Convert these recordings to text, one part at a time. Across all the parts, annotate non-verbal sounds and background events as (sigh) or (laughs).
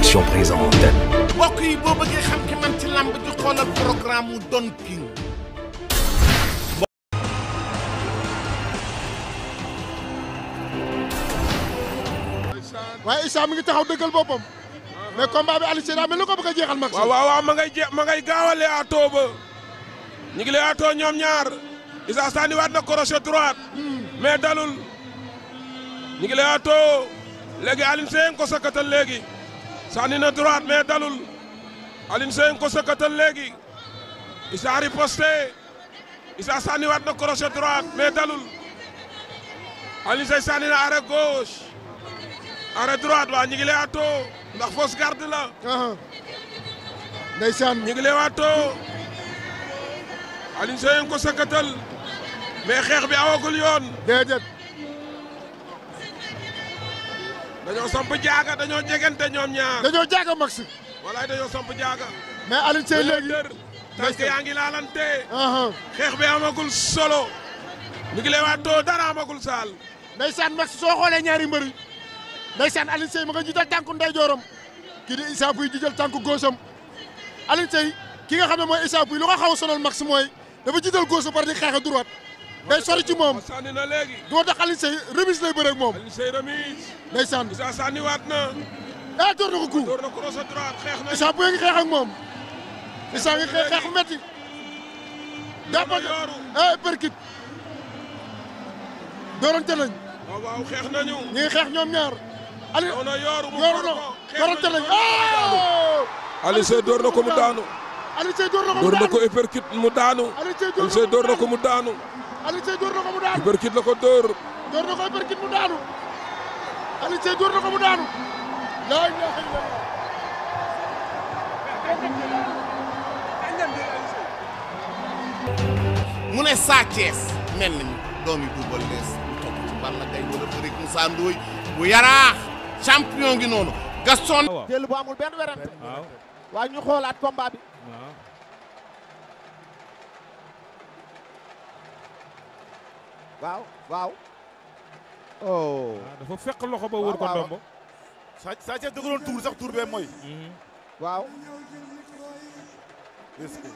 production présente. yi boo bëggee xam mu ngi taxaw dëggal boppam. mais combat bi Aliou Seydaa mel ni ko bëgg jeexal mag. waaw waaw ma ngay je ma ngay gaawale atoo ba. ñu ngi lay atoo ñoom ñaar. Issa Sani waat na crochet droite. Hmm. mais dalul. ñu ngi lay atoo. léegi Alioune Seye ko sakkatal léegi. sànni na droite mais dalul Alioune Seye ko sëkkatal léegi Issa riposté Issa sànniwaat na crochet droite mais dalul Alioune Seye sànni na arrêt gauche arrêt droite waa ñu ngi lay atoo ndax fausse garde la. Uh-huh. ndeysaan ñu ngi lay atoo Alioune Seye ko sëkkatal xeex bi awagul yoon. déedéet. dañoo samp jaaga dañoo jegante ñoom ñaar. dañoo jaaga max. walaay dañoo samp jaaga. mais Alioune Seye léegi tànk yaa ngi laalante. Uh-huh. xeex bi amagul solo. ñu ngi lay waatoo dara amagul saal. ndeysaan max soo xoolee ñaari mbër yi. ndeysaan Alioune Seye ma nga jiital tànku ndeyjooram. kii di Issa Pouye jiital tànku góosam. Alioune Seye ki nga xam ne mooy Issa Pouye lu ko xaw a sonal max mooy dafa jiital góosu di xeex a droite day sori ci moom sànni na léegi doo tax Alioune Seye remise lay bëre ak moom Alioune Seye remise day sànni waat na ah door na ko coup door na ko xeex na Issa ngi xeex ak moom Issa ngi xeex xeex bu metti jàppante eh perkit ngi xeex ñoom ñaar Aliou yooru na doorante nañ ah! Alioune Seye door na ko mu daanu Aliou mu daanu door na ko uppercut mu daanu. Aliou Seye la ko mu daanu. Aliou Seye door ne Sa mel nañu doom yi gi noonu Gaston. waaw bu amul benn werante. waaw waaye ñu xoolaat waaw waaw. oh. Ah, dafa fekk loxo ba wër ko ndombo. saa saa cee dugaloon tuur sax tuur bee mooy. Mhm. waaw. est-ce que.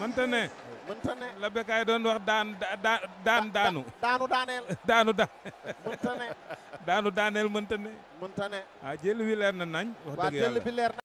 mënta ne. mënta la bekaay doon wax daan daan daanu. daanu daaneel. (laughs) daanu da. mënta ne. daanu daaneel mënta ne. mënta ne. ah jël wi leer na nañ. wax dëgg